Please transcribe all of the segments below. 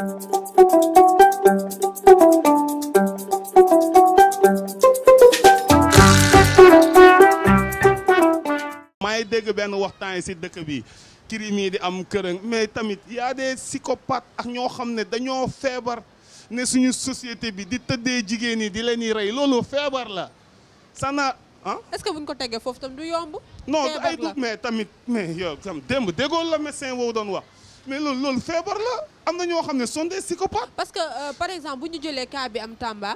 maay dégg benn waxtaan yi si dëkk bi crime yi di am kërëng mais tamit y a des ak ñoo xam ne dañoo feebar ne suñu société bi di tëddee jigéen ñi di leen rey loolu feebar la sa ah. est-ce que buñ ko teggee foofu tam du yomb. non du ay dugg mais tamit mais yow tam démb déggoo la médecin woowu doon wax. mais loolu loolu feebar la am na ñoo xam ne sont des psychopathes. parce que euh, par exemple bu ñu jëlee kaa bi am Tamba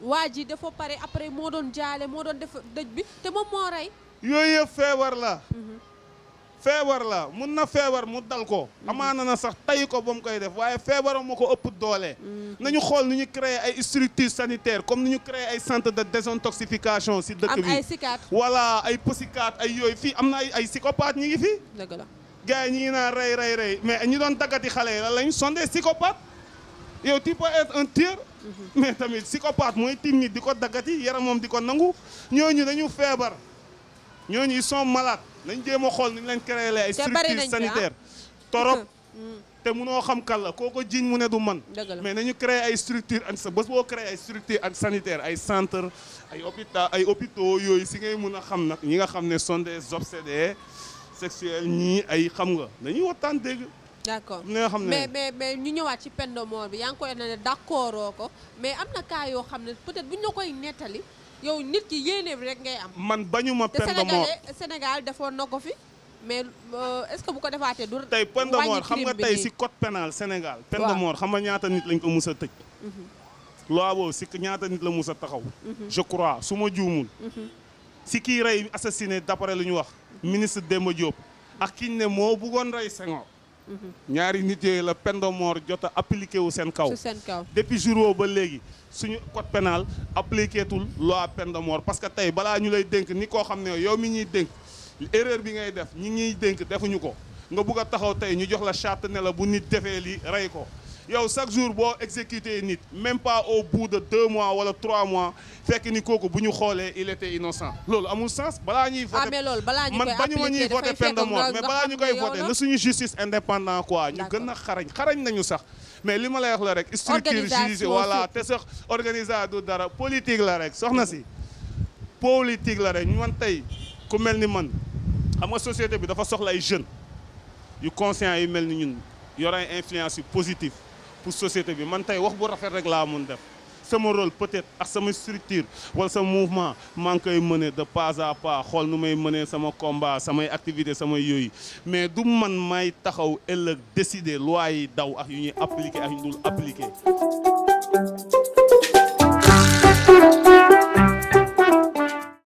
waa ji dafa pare après moo doon jaale moo doon def dëj bi te moom moo rey. yooyu yëpp feebar la. Mhm. feebar la mun na feebar mu dal ko. Mhm. amaana na na sax tay ko ba mu koy def waaye feebaram moo ko ëpp doole. Mhm. na ñu xool nu ñu créer ay structures sanitaires comme ni ñu créer ay centre de désintoxication si dëkk bi am ay psychiatre. voilà ay psychiatre ay yooyu fii am na ay ay psychopathe ñi ngi fi. dëgg la. gars yi ñu ngi naan rey rey rey mais ñu doon taggati xale yi lan lañ sont des psychopathes yow tu un tueur mhm. mais tamit psychopathe mooy tiim nit di ko daggati yaram moom di ko nangu ñooñu dañu feebar ñooñu ils sont malades nañ jéem a xool nañ leen créé ay structures ah. sanitaires torop mhm. te munoo xam kan koo ko jiñ mu ne du man mais nañu créé ay structure ak sa ba boo créé ay structure ak sanitaire ay centre ay hôpital ay hôpitaux yooyu si ngay mun a xam nag ñi nga xam ne sont des obsédés sexuelle ñii ay xam nga dañuy waxtaan dégg. d'accord li nga xam ne mais mais ñu ñëwaat ci peine de mort bi yaa ngi koy ne d'accord ko mais am na cas yoo xam ne peut-être bu ñu la koy nettali yow nit ki yéene bi rek ngay am. man bañu ma peine de mort te Sénégal defoon na ko fi mais euh, est-ce bu ko defaatee du. tey peine de mort xam nga tey si code pénal Sénégal. waaw peine de mort xam nga ñaata nit lañ ko mus a tëj. Mhm. loi boobu si ñaata nit la mus a taxaw. Mhm. je crois su ma juumul. Mhm. si kii rey assassiné d'après lu ñu wax ministre Demba Diop ak kiñ ne moo buggoon rey Senghor mhm. ñaari nit yooyu la peine de mort jot a wu seen kaw seen kaw depuis jour ba léegi suñu code pénal appliqué tul loi de mort parce que tey balaa ñu lay dénk ni koo xam ne yow mi ñuy dénk erreur bi ngay def ñi ñuy dénk defuñu ko nga bugg a taxaw tey ñu jox la charte ne la bu nit defee li rey ko yow chaque jour boo exécuté nit même pas au bout de deux mois wala trois mois fekk ni kooku bu ñu xoolee il était innocent loolu amul sens balaa ñuy voté man ah, bañu ma ñuy voté peine mais balaa ñu koy voté na suñu justice indépendant quoi ñu gën a xarañ nañu sax mais li ma lay wax la rek structure justice voilà te sax organiser du dara politique la rek soxna si politique la rek ñu man tey ku mel ni man xam nga société bi dafa soxla ay jeunes yu conscient yu mel ni ñun yor ay influence yu pour société bi mantay wax bu rafet rek laa mun def sama rôle peut-être ak sama structure wala sama mouvement maa ngi koy mëne de pas à pas xool nu may mëne sama combat samay activité sama yooyu mais du man may taxaw ëllëg décider loi yi daw ak yu ñuy appliqué ak yu dul appliquer